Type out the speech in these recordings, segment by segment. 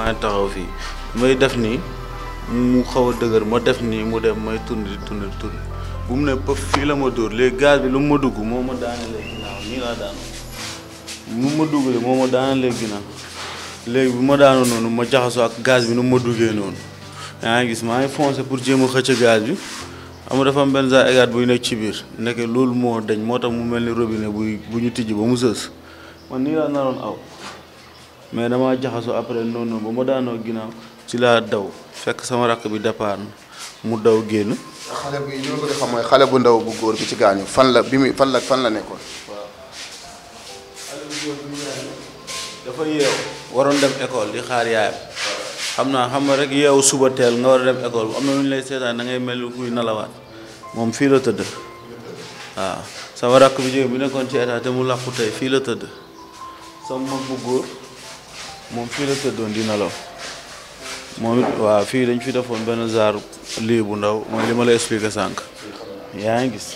avant taxaw fii may def nii mu xaw a dëgër ma def nii mu dem may tourne di tourne di bu mu ne pëf fii la ma dóor léegi gaz bi lu mu ma dugg moo ma daanalee ginnaaw nii mu ma duggale moo ma daanalee ginnaaw léegi bu ma daanoo noonu ma jaxasoo ak gaz bi nu mu ma duggee noonu yaa ngi gis maa ngi foncé pour jéem a xëcc gaz bi ama dafa defam benn saa égaat buy nekk ci biir nekk loolu moo dañ moo tax mu mel ni robine buy bu ñu tijji ba mu sës man nii laa naroon aw mais dama jaxasu après noonu ba ma daanoo ginnaaw ci laa daw fekk sama rakk bi départ mu daw génn. xale mooy xale bu ndaw bu góor bi ci gaañu fan la bi muy fan la fan la nekkoon. waaw dafa yeew waroon dem école di xaar yaayam. xam naa xam nga rek yeewu suba teel nga war a dem école am na lu ñu lay seetaan da ngay mel ni moom fii la tëdd. waaw sama rakk bi jigéen bi nekkoon ci état te mu làqu tey fii la tëdd. sama mag bu góor. moom fii la tëddoon di nelaw moom it waaw fii dañ fi defoon benn genre lii bu ndaw mooy li ma la expliqué sànq yaa ngi gis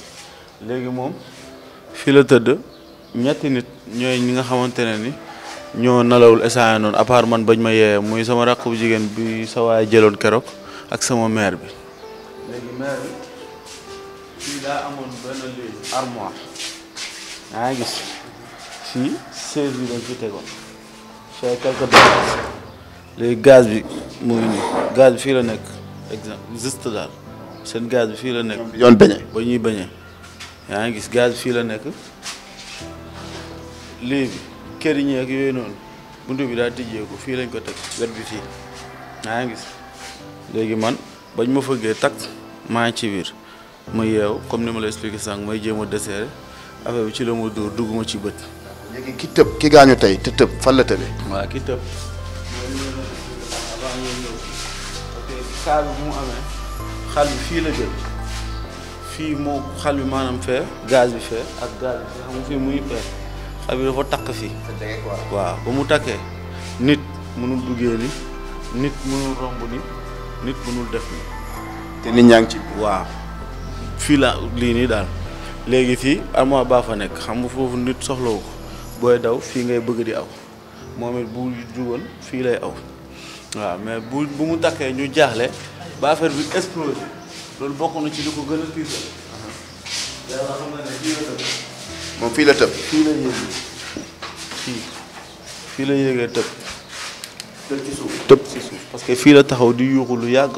léegi moom fii la tëdd ñetti nit ñooy ñi nga xamante ne ni ñoo nalawul essayé noonu à part man bañ ma yeeyee muy sama rakk bu jigéen bi sa waay jëloon keroog ak sama mère bi léegi mère bi fii daa amoon benn lii armoire yaa ngi gis fii chaise bi dañ fi tegoon c'est quelque chose léegi gaz bi mu ngi bi fii la nekk exemple juste daal seen gaz bi fii la nekk. yoon bañe ba ñuy bañe yaa ngi gis gaz bi fii la nekk lii bi kër yi ñeeg yooyu noonu buntu bi daa ko fii lañ ko teg wet bi fii yaa ngi gis léegi man bañ ma fëggee takk maa ci biir ma yeew comme ni ma la expliqué sànq may jéem a desserré bi ci la ma dóor dugg ma ci bët. léegi ki tëb ki gaañu tey tëb fan la tëbee. ki tëb. xaal bi mu amee xal bi fii la jël fii moo xal bi maanaam fee gaz bi fee ak gaz bi fee xam fii muy fee xal bi dafa takk fii waaw ba mu takkee nit mënul duggee ni nit mënul romb ni nit mënul def ni te nit ñaa ngi ci waaw fii la lii nii daal léegi si armoire baa fa nekk xam nga foofu nit soxlawu ko booy daw fii ngay bëgg di aw moom it bu jubal fii lay aw waaw mais bu bu mu takkee ñu jaaxle ba bi explosé loolu bokk na ci li ko gën a tiital. fii la tëb. moom fii la tëb. fii la yéegee tëb. tëb ci suuf tëb parce que fii la taxaw di yuuxu lu yàgg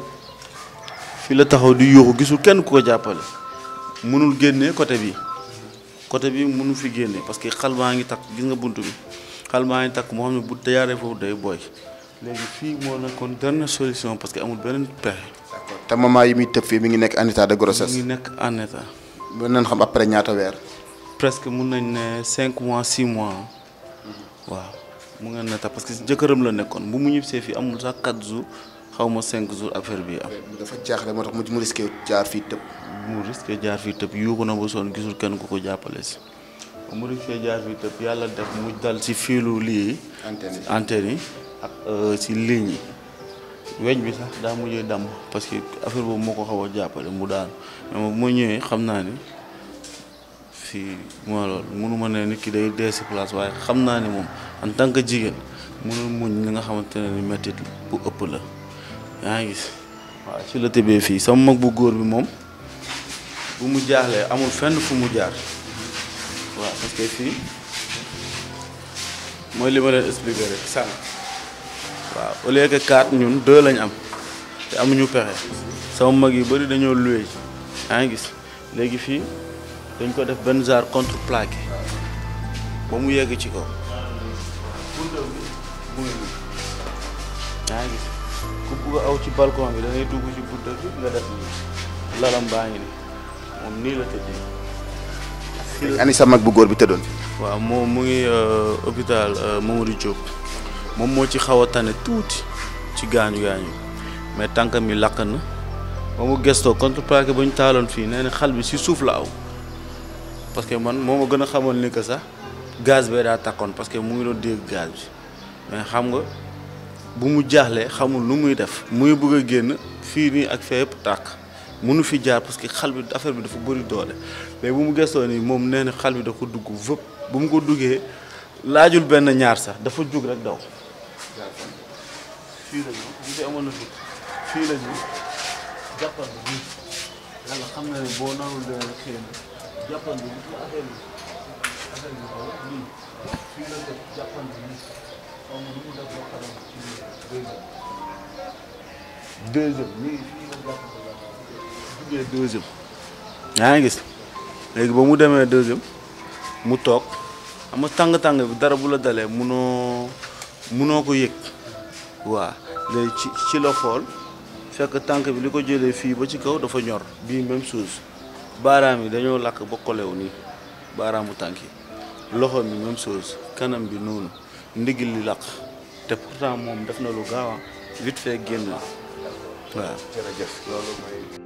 fii la taxaw di yuuxu gisul kenn ku ko jàppale mënul génnee côté bi côté bi mënu fi génne parce que xal baa ngi takk gis nga bunt bi xal ngi takk moo xam ne bu dajaaree foofu day booy léegi fii moo nekkoon dernière solution parce que amul beneen pexe. d'accord te moment yi muy tëb fii mi ngi nekk en état de grossesse. mi ngi nekk en état. mën nañ xam après ñaata weer. presque mun nañ ne cinq mois six mois mhm. waaw mu ngeen ne tax parce que jëkkëram la nekkoon bu mu ñibbisee fii amul sax quatre jours. xaw ma cinq jours affaire bii am. dafa jaaxle moo tax mu risqué jaar fii tëb. mu risqué jaar fii tëb yuuxu na ba sonn gisul kenn ku ko jàppale si. mu risqué jaar fii tëb yàlla def mu dal si fiilu lii. antenne yi antenne yi ak euh, si ligne yi. weñ bi sax daa mujjee damm parce que affaire boobu moo ko xaw a jàppale mu daanu mais moom bu ma ñëwee xam naa ni fii mooy loolu mënuma ne nit ki day dee si place waaye xam naa ne moom en tant que jigéen mënul muñ nga xamante ne ni méttit bu ëpp la. yaa ngi gis waaw ci la tëbee fii sama mag bu góor bi moom bu mu jaaxlee amul fenn fu mu jaar waaw parce fii mooy li ma leen expliqué rek sànq ñun deux lañ am te amuñu pexe sama mag yu bari dañoo loué yaa ngi gis léegi fii dañ ko def benn genre contreplaqué ba mu yegg ci ko yaa ngi gis. bugg aw ci balcon bi da ngay dugg ci buntu bi nga def lalam baa ngi nii moom nii la tëddee. ani sa mag bu góor bi tëddoon. waaw moom mu ngi euh, hôpital euh, Mamadou Diop moom moo ci xaw a tane tuuti ci gaañu gaañu mais tànkam yi lakk na ba mu gestoo contreplaqué ba ñu taaloon fii nee xal bi si suuf la aw parce que man moo ma gën a xamoon ni que sax gaz bee daa takkoon parce que mu ngi doon dégg gaz bi mais xam nga. bu mu jaaxlee xamul nu muy def muy bëgg a génn fii nii ak fee yëpp tàkk mënu fi jaar parce que xal bi affaire bi dafa bëri doole mais bu mu gestoo nii moom nee na xal bi da ko dugg vëpp bu mu ko duggee laajul benn ñaar sax dafa jug rek daw fii deuxième ñu ngi gis léegi ba mu demee deuxième mu toog xam nga tàng-tàng bi dara bu la dalee munoo munoo ko yëg waa léegi ci ci la xool fekk tànk bi li ko jëlee fii ba ci kaw dafa ñor bii même chose baaraam yi dañoo lakk ba kolew nii baaraamu tànk yi loxo mi même chose kanam bi noonu ndigil li laq te pourtant moom def na lu gaaw a vite fait génn waaw jërëjëf loolu mooy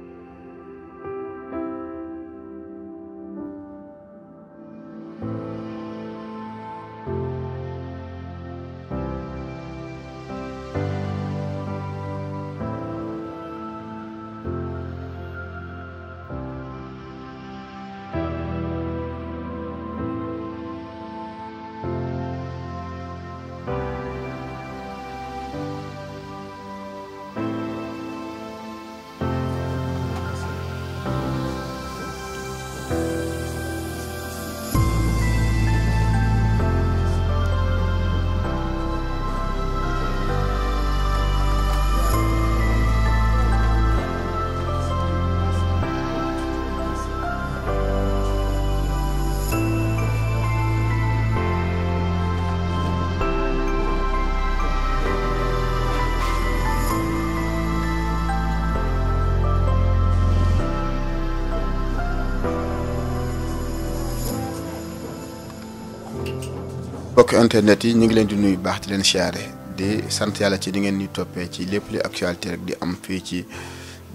bokk internet yi ñu ngi leen di nuyu baax di leen siyaare di sant yàlla ci di ngeen ñuy toppee ci lépp li actualité rek di am fii ci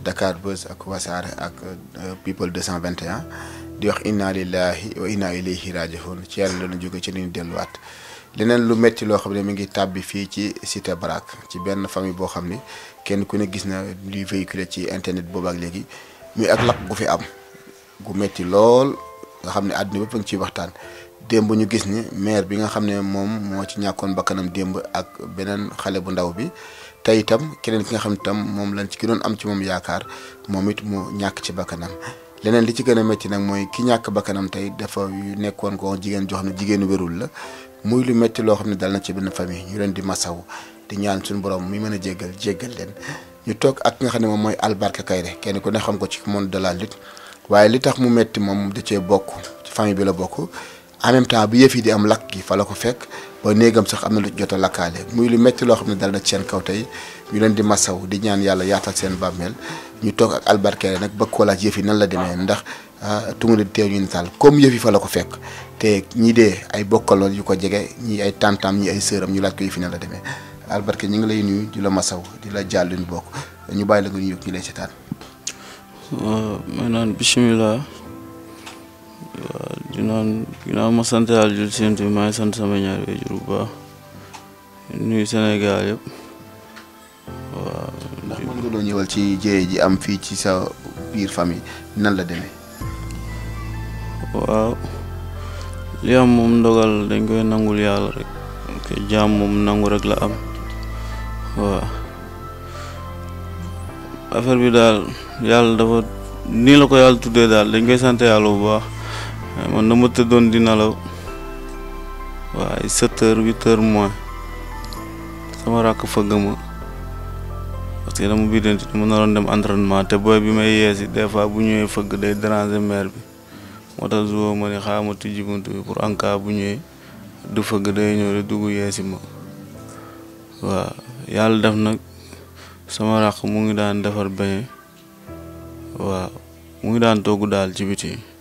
Dakar Buzz ak Wassare ak euh, People 221 di wax inna lillahi wa inna ilayhi rajiun ci yàlla lañu jóge ci lañu delluwaat leneen lu metti loo xam ne mi ngi tàbbi fii ci cité Barak ci benn famille boo xam ni kenn ku ne gis na luy véhiculé ci internet boobu léegi muy ak lakk gu fi am gu metti lool nga xam ne àdduna bépp a ciy waxtaan démb ñu gis ni maire bi nga xam ne moom moo ci ñàkkoon bakkanam démb ak beneen xale bu ndaw bi tey itam keneen ki nga xam ne moom lañ ci gënoon am ci moom yaakaar moom it mu ñàkk ci bakkanam leneen li ci gën a métti nag mooy ki ñàkk bakkanam tey dafa nekkoon ko jigéen joo ne jigéenu wérul la muy lu métti loo xam ne dal na ci benn famille ñu leen di masaw di ñaan suñu borom mi mën a jéggal jéggal leen ñu toog ak nga xam ne moom mooy Albarka Kairé kenn ku ne xam ko ci monde de la waaye li tax mu métti moom da cee bokk ci famille bi la bokk en même temps bu yëf yi di am lakk gi fa la ko fekk ba néegam sax am na lu jot a lakkaale muy lu métti loo xam ne dal na ci seen kaw tey ñu leen di masaw di ñaan yàlla yaatal seen bàmmeel ñu nan la demee ndax ah, tungu di comme yëf yi fa la ko fekk te ñi dee ay bokkaloon yu ko jege ñi ay tantam ay sëram ñu laaj ko yëf yi nan la demee albarke ñu ngi lay nuyu di la masaw di la jàll bokk ñu bàyyi la nga ñu yëg ñu lay seetaan. waaw maanaam waaw dinaan ginnaaw ma sant yàlla jul sent bi maa ngi sant sama ñaari bu baax nuyu Sénégal yëpp waaw ndax ci ji am fii ci sa biir famille nan la demee waaw li am moom ndogal dañ koy nangul yàlla rek que jaam moom nangu rek la am waaw affaire bi daal yàlla dafa nii la ko yàlla tuddee daal dañ koy sant yàlla bu baax Ah, man na ma tëddoon di nelaw waa ay sept heures huit sama rakk fëgg ma parce que dama biddanti dama naroon dem entraînement te booy bi may yeesi des fois bu ñëwee fëgg day déranger mère bi moo tax jour ma ni xaaral ma bi pour en bu ñëwee du fëgg day ñëw di dugg yeesi ma waaw yàlla def nag sama rakk mu ngi daan defar beñe waaw mu ngi daan togg daal ci biti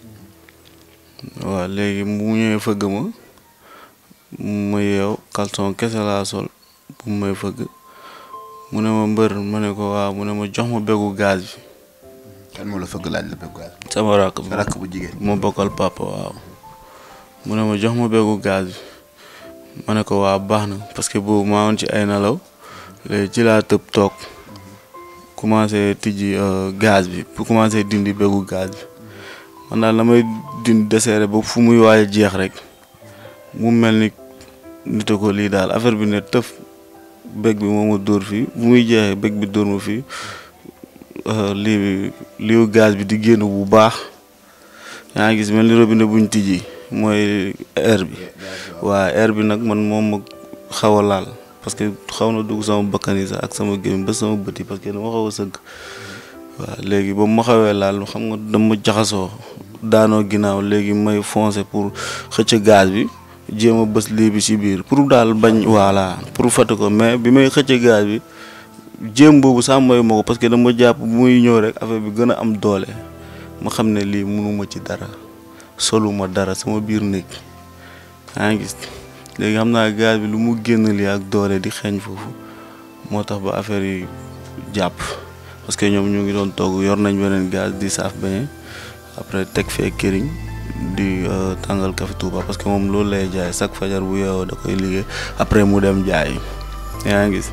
waaw léegi mu ñëwee fëgg ma ma yeew caleçon kese laa sol bu may fëgg mu ne ma mbër ma ne ko waa mu ne ma jox ma bëggu gaz bi. kan fëgg laaj la bëggu gaz bi. bu rakk bu ma bokkal papa ne ma jox ma bëggu gaz ma ne ko waa baax na parce que boobu maa woon ci ay nelaw léegi ci laa tëb toog commencé tijji euh, gaz bi pour commencé dindi bëggu gaz bi man daal damay din deseere ba fu muy waay jeex rek mu mel ni nite ko lii daal affaire bi ne tëf bëgg bi moom ma dóor fii bu muy jeexee bëgg bi dóor ma fii euh, lii bi liu gaz bi di génn bu baax yaa ngi gis mel ni robine buñ tijji mooy air bi waa air bi nag man moom ma xaw a laal parce que xaw na dugg sama bakkan ak sama gémmiñ ba sama bët yi parce dama xaw a sëgg waaw léegi ba ma xawee laal xam nga dama jaxasoo daanoo ginnaaw léegi may foncer pour xëcc gaz bi jéem a bës lii bi si biir pour daal bañ voilà pour fàtte ko mais bi may xëcc gaz bi jéem boobu sax mayu ko parce que dama jàpp muy ñëw rek affaire bi gën a am doole ma xam ne lii mënuma ci dara soluma dara sama biir néeg yaa ngi gis léegi xam naa gaz bi lu mu génn lii ak doole di xeeñ foofu moo tax ba affaire yi jàpp parce que ñoom ñu ngi doon togg yor nañ beneen gaz di saaf beneen après teg fee këriñ di euh, tàngal café Touba parce que moom loolu lay jaay chaque fajar bu yeewoo da koy liggéey après mu dem jaay yaa ngi gis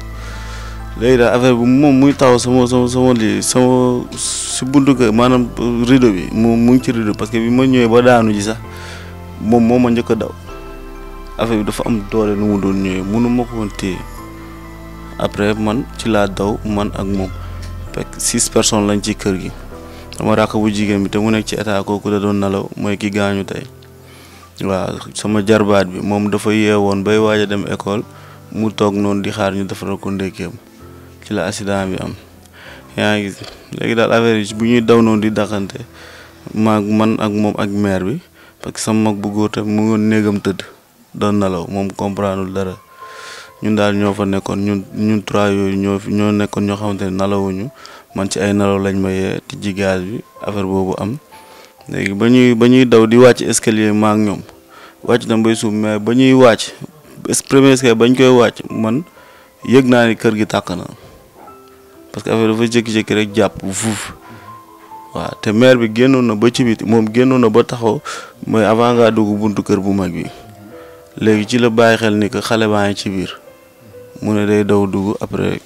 léegi daal affaire bi moom muy taw sama sama sama lii sama si buntu kër maanaam euh, rideau bi mu mu ci rideau parce que bi ma ñëwee ba daanu ji sax moom moom ma njëkk a daw affaire dafa am doole nu mu doon ñëwee mënu ma ko woon téye après man ci laa daw man ak moom fekk six personnes lañ ci kër gi. sama rakk bu jigéen bi te mu nekk ci état kooku da doon nelaw mooy ki gaañu tey waaw sama jarbaat bi moom dafa yeewoon bay waaj dem école mu toog noonu di xaar ñu defaral ko ndékkeem ci la accident bi am yaa ngi léegi daal affaire bu ñuy daw noonu di daqante maag man ak moom ak maire bi parce que sama mag bu góor tamit mu ngoon néegam tëdd doon nelaw moom comprendreul dara ñun daal ñoo fa nekkoon ñun ñun trois yooyu ñoo ñoo nekkoon ñoo xamante ne nalawuñu man ci ay nelaw lañ ma yee tijji gaz bi affaire boobu am léegi ba ñuy ba ñuy daw di wàcc escalier ma ak ñoom wàcc na bay suuf mais ba ñuy wàcc premier bañ koy wàcc man yëg naa ni kër gi tàkk na parce que affaire dafa jékki-jékki rek jàpp fuuf waaw te maire bi génnoon na ba ci biti moom génnoon na ba taxaw mooy avant ngaa dugg buntu kër bu mag bi léegi ci la bàyyi xel ni que xale baa ngi ci biir mu ne day daw dugg après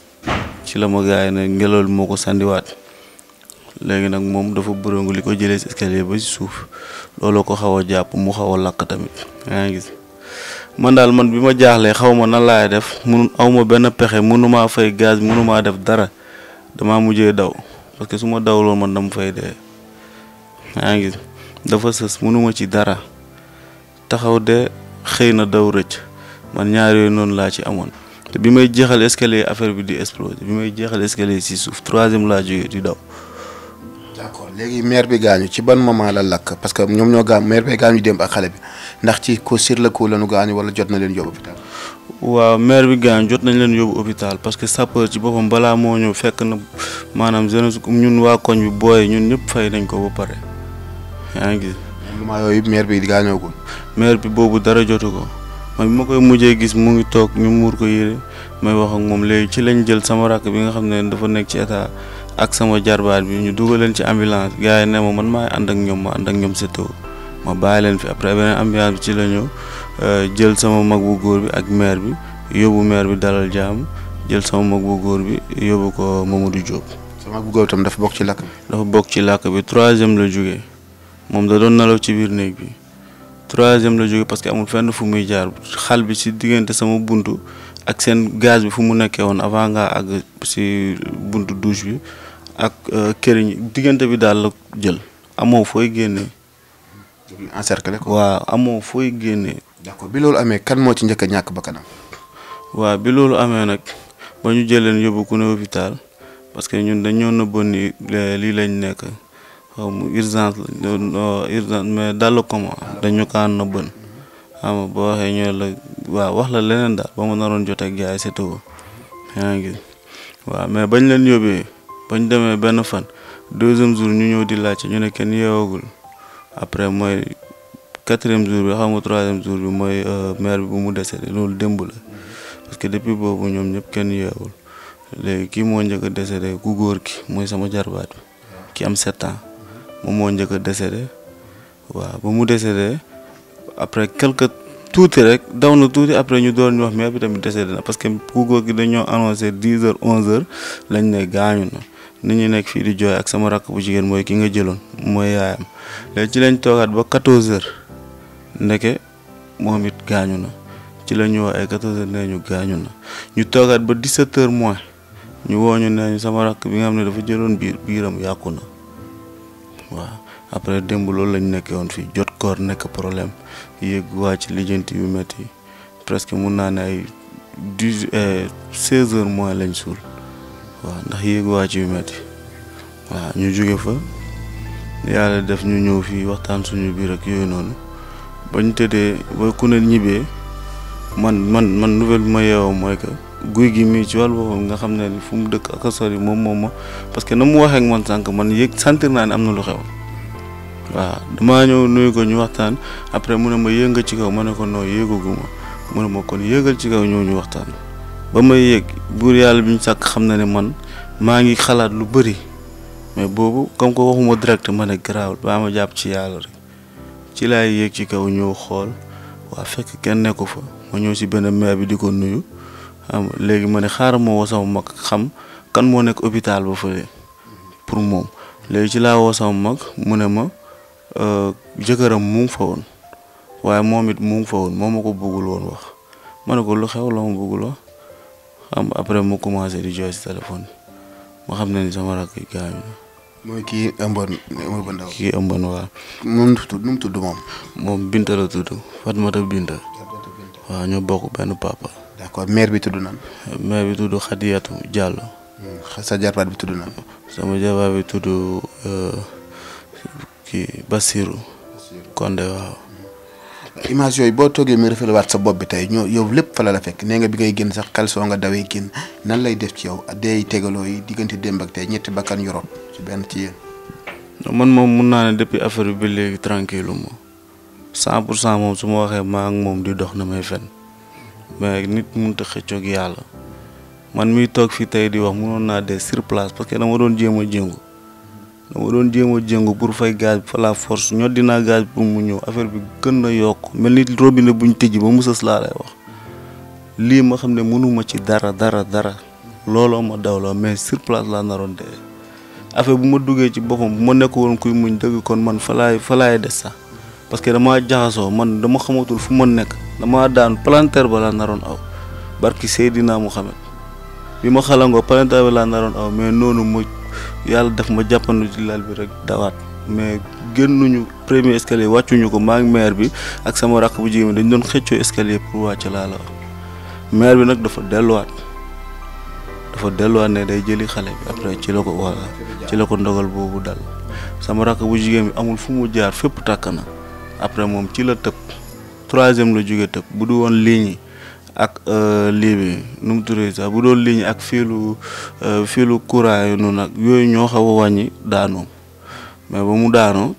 ci la ma gars yi ne ngelaw li moo ko sandiwaat léegi nag moom dafa bërongu li ko jëlee si escalier ba si suuf looloo ko xaw a jàpp mu xaw a lakk tamit yaa man daal man bi ma jaaxlee xaw ma nan laay def mun aw ma benn pexe mënumaa fay gaz mënumaa def dara damaa mujjee daw parce que su ma dawloon man dama fay dee yaa ngi gis dafa sës mënuma ci dara taxaw de xëy na daw rëcc man ñaar yooyu noonu laa ci amoon bi may jeexal escalier affaire bi di exploser bi may jeexal escalier si suuf troisième laa jógee di daw. d'accord léegi maire bi gaañu ci ban moment la lakk parce que ñoom ñoo gaañ maire bi gaañu dem ak xale bi ndax ci ko sur le coup lañu wala jot na leen yóbbu waaw maire bi gaañ jot nañ leen yóbbu hôpital parce que sapeur ci boppam balaa moo ñëw fekk na maanaam jeunesse ñun waa koñ bi booyee ñun ñëpp fay nañ ko ba pare yaa ngi gis. moment yooyu maire bi gaañoogul. maire bi boobu dara jotu ko. man bi ma koy mujjee gis mu ngi toog ñu muur ko yére may wax moom léegi ci lañ jël sama rakk bi nga xam ne dafa nekk ci état ak sama jarbaat bi ñu dugal leen ci ambulance ne ma man maay ànd ak ñoom ak ñoom seto ma bàyyi fi après beneen bi ci la ñëw euh, jël sama mag bu góor bi ak maire bi yóbbu meer bi dalal jàmm jël sama mag bu góor bi yóbbu ko Mamadou Diop. sama mag góor tam dafa bokk ci làkk bi. dafa bokk ci làkk bi troisième la jógee moom da doon nalaw ci biir néeg bi. troisième la jóge parce que amul fenn fu muy jaar xal bi si diggante sama bunt ak seen gaz bi fu mu nekkee woon avant nga àgg si bunt douche bi ak euh, këriñ diggante bi daal la jël amoo fooy génnee. encerclé ko waaw amoo fooy génnee. d'accord bi loolu amee kan moo ci njëkk a ñàkk bakkanam waaw bi loolu amee nag ba ñu jël leen yóbbu ku ne hôpital parce que ñun dañoo nëbboon ni lii lañ nekk. xaw ma urgence mais dal ko ma dañu kaa nëbban xam nga waxee ñoo la waaw wax la leneen daal ba ma naroon jotee ak gars yi mais bañ leen yóbbee bañ demee benn fan deuxième jour ñu ñëw di laajte ñu ne kenn yeewagul après mooy quatrième jour bi xam nga troisième jour bi mooy euh, maire bi bu mu décédé loolu démb la parce depuis boobu ñoom ñëpp kenn yeewul léegi kii moo njëkk a décédé ku góor ki mooy sama jarbaat bi ki am sept moom moo njëkk a décédé waaw ba mu décédé après quelque tuuti rek daw na tuuti après ñu door ñu wax mère bi tamit décédé na parce que ku góor gi dañoo annoncé dix heures onze heures lañ ne gaañu na ni ñu nekk fii di jooy ak sama rakk bu jigéen mooy ki nga jëloon mooy yaayam léegi ci lañ toogaat ba quatorze heures ndeke moom it gaañu na ci la ñu wax ay quatorze heures ñu gaañu ñu toogaat ba dix-sept heures moins ñu woo ñu nee ñu sama rakk bi nga xam ne dafa jëloon biir biiram yàqu na. waaw après démb loolu lañu nekkee woon fii jot koor nekk problème yéeg ci lijjanti yu métti presque mun naa ne ay dix eh, seize heures moins lañ suul waaw ndax yéeg wàcc yu metti waaw ñu jóge fa yàlla def ñu ñëw fii waxtaan suñu biir ak yooyu noonu ba ñu tëddee ku ne ñibbee man man man nouvelle bi ma yeewoo mooy que. guy gi mii ci wàllu boppam nga xam ne fu mu dëkk ak sori moom moom ma parce que na mu waxeek ak man sànq man yëg sentir naa ne am na lu xew waaw damaa ñëw nuyu ko ñu waxtaan après mu ne ma yënga ci kaw ma ne noo yëgaguma mu ne ma kon yëgal ci kaw ñëw ñu waxtaan ba may yëg buur yàlla bi ñu sàkk xam na ne man maa ngi xalaat lu bëri mais boobu comme que waxuma direct ma ne garaawul baa ma jàpp ci yàlla rek ci laay yëg ci kaw ñëw xool waa fekk kenn nekku fa ma ñëw si benn maire bi di ko nuyu xam léegi ma ne xaaral ma woo sama mag xam kan moo nekk hôpital ba fële pour moom léegi ci laa woo sama mag mu ne ma euh, jëkkëram mu ngi fa woon waaye moom it mu ngi fa woon moom ma ko bëggul woon wax ma ne ko lu xew la ma bëggul wax xam après mu commencé di jooy si téléphone ma xam ne ni sama rakk yi gaañu na. mooy kii ëmboon kii ëmboon waaw. nu tudd nu mu tudd moom. moom Binta tudd Fatmata Binta. waaw ñoo bokk benn papa. accord maire bi tudd nan. maire bi tudd Khadijatou Diallo. Hmm, sa jarbaat bi tudd nan. sama jarbaat bi tudd euh, kii Bassirou. Konde waaw. Hmm. image yooyu boo toogee mu rafetlu waat sa bopp bi tey ñoo yow lépp fa la la fekk nee bi ngay génn sax kalsoo nga dawee génn nan lay def ci yow day tegaloo yi diggante démb ak tey ñetti bakkan yoroot ci benn ci yéen. man moom mun naa ne depuis affaire bi ba léegi tranquille ma cent pour cent moom su ma waxee maa ak moom di dox na may mais nit mënut a xëccoog yàlla man miy toog fii tey di wax mënoon naa dee sur place parce que dama doon jéem a jëngu dama doon jéem a jëngu pour fay gaz bi fa la force ñoo dinaa gaz bi mu ñëw affaire bi gën a yokk mel ni robinet buñ tijji ba mu sës laa lay wax lii ma xam ne mënuma ci dara dara dara looloo ma dawloo mais sur laa naroon dee affaire bu ma duggee ci boppam bu ma nekk woon kuy muñ dëgg kon man fa laay fa laay des sax parce que dama jaxasoo man dama xamatul fu ma nekk dama daan palanteer ba laa naroon aw barki Seydina Muhammad bi ma xalangoo palanteer ba laa naroon aw mais noonu mu yàlla def ma jàppandu ci lal bi rek dawaat mais génnuñu premier escalier wàccuñu ko maak mair bi ak sama rakk bu jigéen dañu doon xëccoo escalier pour wàcc laa la wax maire bi nag dafa delluwaat dafa delluwaat ne day jëli xale bi après ci la ko waa ci la ko ndogal boobu dal sama rakk bu jigéen bi amul fu mu jaar fépp tàkk na après moom ci la tëb troisième la jóge tëb bu du woon ligne yi ak euh, lii bi nu mu turee sax bu doon ligne ak fiilu euh, fiilu courant yi noonu nag yooyu ñoo xaw a wàññi daanoom mais ba mu daanoo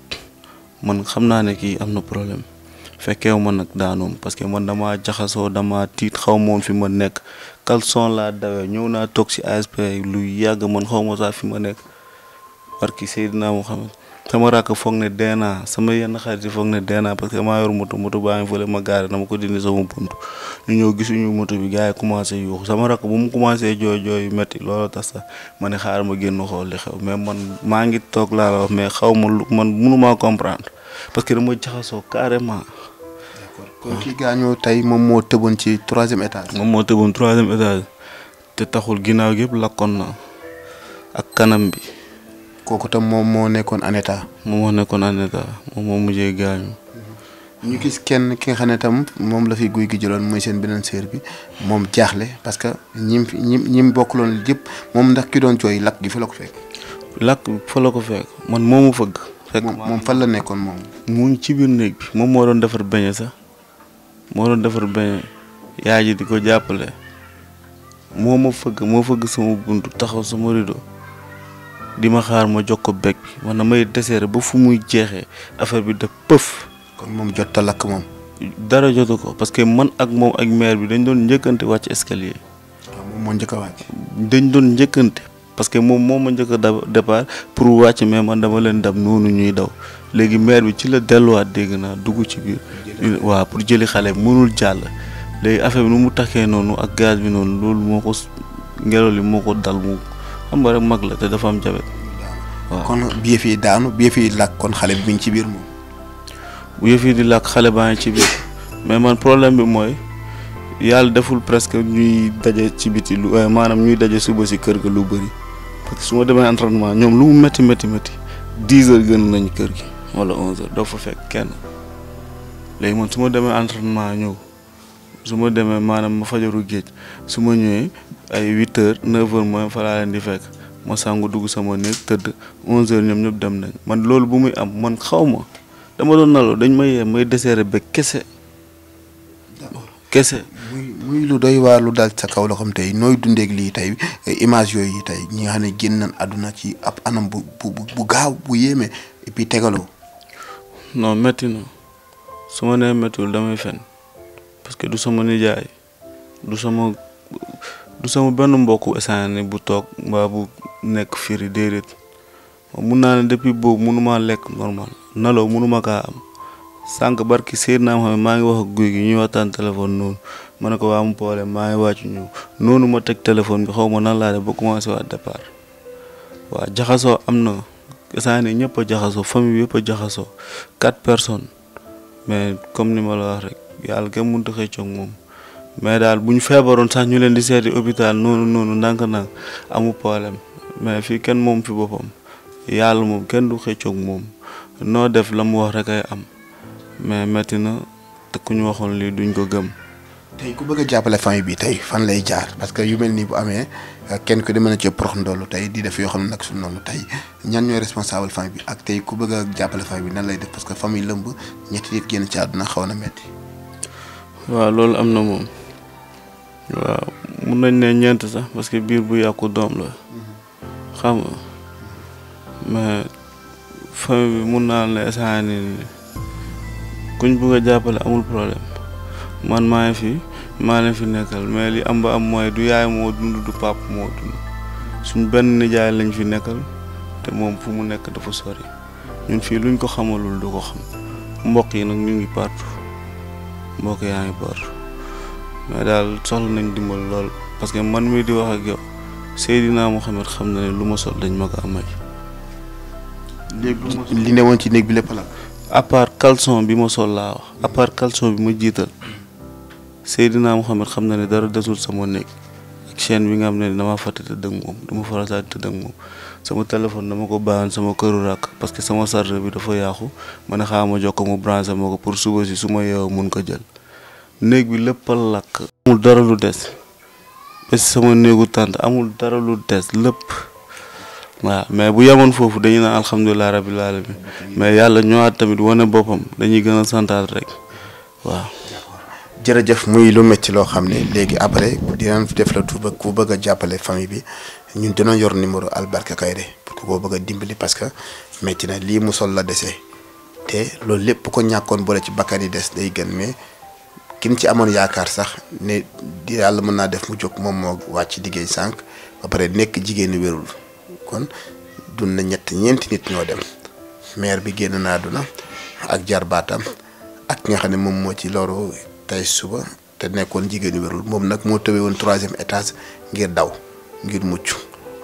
man xam naa ne kii am na problème fekkeew ma nag daanoom parce que man dama jaxasoo dama tiit xaw moom fi ma nekk caleçon laa dawee ñëw naa toog si ASP lu yàgg man xaw ma sax fi ma nekk barki Seydina Muhammad sama rakk foog ne dee naa sama yenn xarit yi foog ne dee naa parce que maa yor moto moto baa ngi fële ma gaare dama ko dindi sama bunt ñu ñëw gisuñu moto bi gars yi commencé yuuxu sama rakk bu mu commencé jooy jooy yu métti looloo tax sax ma ne xaar ma génn xool li xew man maa ngi toog laa mais xaw ma lu man mënumaa comprendre parce que dama jaxasoo carrément. d'accord kon ki gaañoo tey moom moo tëboon ci troisième étage. moom moo tëboon troisième étage te taxul ginnaaw gi yëpp lakkoon na ak kanam bi. kooku tam moom moo nekkoon en état. moom moo nekkoon en état moom moo mujjee gaañu. Mm-hmm. ñu gis kenn ki nga xam ne tam moom la fi guy gi jëloon mooy seen beneen sœur bi moom jaaxle parce que ñim ñim ñim bokkuloon yëpp moom ndax ki doon jooy lakk gi fa la ko fekk. lakk fa la ko fekk man moomu fëgg. fekk moom fan la nekkoon moom. ci biir néeg bi moom moo doon defar beñe sax moo doon defar beñe yaay ji di ko jàppale moo ma fëgg moo fëgg sama bunt taxaw suma rido. di ma xaar ma jox ko beeg bi man damay deseere ba fu muy jeexee affaire bi def pëf. kon moom jot ta lakk moom. dara jotu ko parce que man ak moom ak mair bi dañ doon njëkkante wàcc escalier. waaw ah, moo njëkk a dañ doon njëkkante parce que moom moo ma njëkk a départ pour wàcc mais man dama leen dab noonu ñuy daw léegi maire bi ci la delluwaat dégg naa dugg ci biir. waaw pour jëli xale bi mënul jàll. léegi affaire bi nu mu takkee noonu ak gaz bi noonu loolu moo ko ngelaw li moo ko dal mu. xam nga rek mag la te dafa am jabet waaw kon bu yëf yi daanu bu yëf làkk kon xale bi mu ci biir moom. bu yëf di làkk xale baa ngi ci biir mais man problème bi mooy yàlla deful presque ñuy daje ci biti lu euh, maanaam ñuy daje suba si kër ga lu bëri su ma demee entraînement ñoom lu mu métti métti métti dix heures gën nañu kër gi wala onze heures doo fa fekk kenn léegi man su ma demee entraînement ñëw. su ma demee maanaam ma fajaru géej su ma ñëwee ay huit heures neuf heures mooy fa laa di fekk ma sangu dugg sama néeg tëdd onze heures ñoom ñëpp dem nañ man loolu bu muy am man xaw ma dama doon naloo dañ may yee may deseere ba kese kese muy muy lu doy waar lu daal sa kaw la tey nooy dundeek lii tey image yooyu tey ñi nga xam ne génn nañ àdduna ci ab anam bu bu bu gaaw bu yéeme et puis tegaloo non métti na su ma nee méttiwul damay fen parce que du sama nijaay du sama du sama benn mbokk essanné bu toog mbaa bu nekk firi déedéet mun naa ne depuis boobu mënuma lekk normal naloo mënuma kaa am sànq barki séer naa xam maa ngi wax ak guy gi ñuy waxtaan téléphone noonu ma ne ko waa mu problème maa ngi wàccu ñu noonu ma teg téléphone bi xaw ma nan laa def ba commencé waa départ waa jaxasoo am na essanné ñëpp a jaxasoo famille bi yëpp a jaxasoo quatre personne mais comme ni ma la wax rek yàlla kenn mënut a xëccoo moom mais daal bu ñu feebaroon sax ñu leen di seeti hôpital noonu noonu ndànk-ndànk amu problème mais fii kenn moom fi boppam yàlla moom kenn du xëccoog moom noo def la mu rek ay am mais metti na te ku ñu waxoon lii duñ ko gëm. tey ku bëgg a jàppale famille bi tey fan lay jaar que yu mel nii bu amee kenn ku di mën tey di def yoo xam ne nag su noonu tey ñan ñooy responsable bi ak tey ku bëgg a jàppale famille bi nan lay def parce que famille lëmb ñetti nit génn ci àdduna xaw na metti waaw loolu am na moom waaw mun nañ ne ñeent sax parce que biir bu yàqu doom la xam nga mais famille bi mun naa la esaan kuñ bugg a jàppale amul problème man maa fi maa leen fi nekkal mais li am ba am mooy du yaay moo dund du pap moo dund suñ benn nijaay lañ fi nekkal te moom fu mu nekk dafa sori ñun fii luñ ko xamalul du ko xam mbokk yi nag ñu ngi partout mbokk yaa ngi boor mais daal soxla nañ dimbal lool parce que man mii di wax ak yow Seydina Mohamed xam na ne lu ma sol dañ ma ko amay. léegi li ne woon ci néeg bi lépp lag à part bi ma sol laa wax à part bi ma jiital Seydina Mohamed xam na ne dara desul sama néeg ak bi nga xam ne damaa fàtte te dëng moom du ma faral di tëdd ak moom. sama téléphone dama ko bàyyoon sama këru rakk parce que sama chargeur bi dafa yàqu ma ne xaaral ma jokk mu branché ma ko pour suba si su ma yeewoo mun ko jël néeg bi lépp a lakk. amul dara lu des ba si sama néegu tànt amul dara lu des lépp waaw mais bu yemoon foofu dañu naan alhamdulilah rabbil alamin mais yàlla ñëwaat tamit wane boppam dañuy gën a santaat rek waaw. jërëjëf muy lu metti loo xam ne léegi après dinañ def la tur ku bëgg a jàppale famille bi ñun dina yor numéro Albarka Kaïré pour que koo bëgg a dimbali parce que métti na lii mu sol la dese te loolu lépp ko ñàkkoon boole ci bakkan yi des day gën mais kin ci amoon yaakaar sax ne yàlla mën naa def mu jóg moom moo wàcc liggéey sànq ba pare nekk jigéenu wérul kon dund na ñett ñeenti nit ñoo dem maire bi génn naa duna ak jarbaatam ak nga xam ne moom moo ci loru tey suba te nekkoon jigéenu wérul moom nag moo tëwee woon troisième étage ngir daw ngir mucc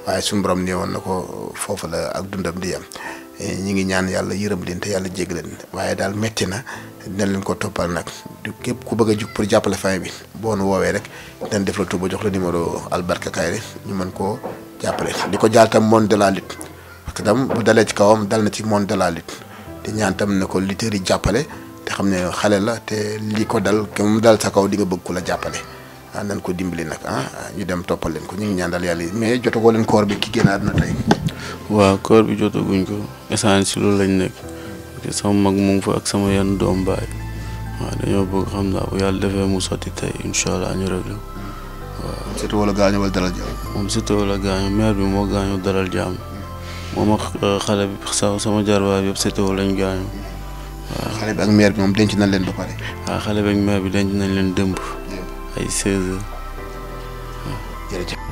waaye suñu borom ne woon na ko foofu la ak dundam di yem ñi ngi ñaan yàlla yërëm leen te yàlla jégg leen waaye daal metti na dina leen ko toppal nag képp ku bëgg a jug pour jàppale famille bi boo nu woowee rek dinañ def la ba jox la numéro Albarka Kairé ñu mën koo jàppale. di ko jaal tam monde de la lutte parce bu dalee ci kawam dal na ci monde de la lutte di ñaan tam ne ko lutteurs yi jàppale te xam ne xale la te lii ko dal ke mu dal sa kaw di nga bëgg ku la jàppale. ah ko dimbali nag ah ñu dem toppal ko ñu ngi ñaan daal yàlla mais jotagoo leen koor bi ki génn àdduna waaw koor bi jotaguñ ko essence si loolu lañ nekk te mag mu ngi sama yan doom baay waaw dañoo bëgg xam yàlla mu sotti tey incha ñu réglé waaw. surtout wala gaañu wala dalal jàmm. moom surtout wala gaañu maire moo gaañu dalal jàmm moom ak euh, xale bi sax sama jarbaay yëpp surtout lañ gaañu waaw. xale bi ak meer bi moom denc nañ leen ba pare. waaw ah, xale bi ak maire bi denc nañ leen dëmb. ay 16 heures. jërëjëf.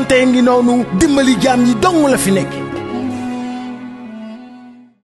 donte ngi noonu dimbali jaam yi dong la fi nekk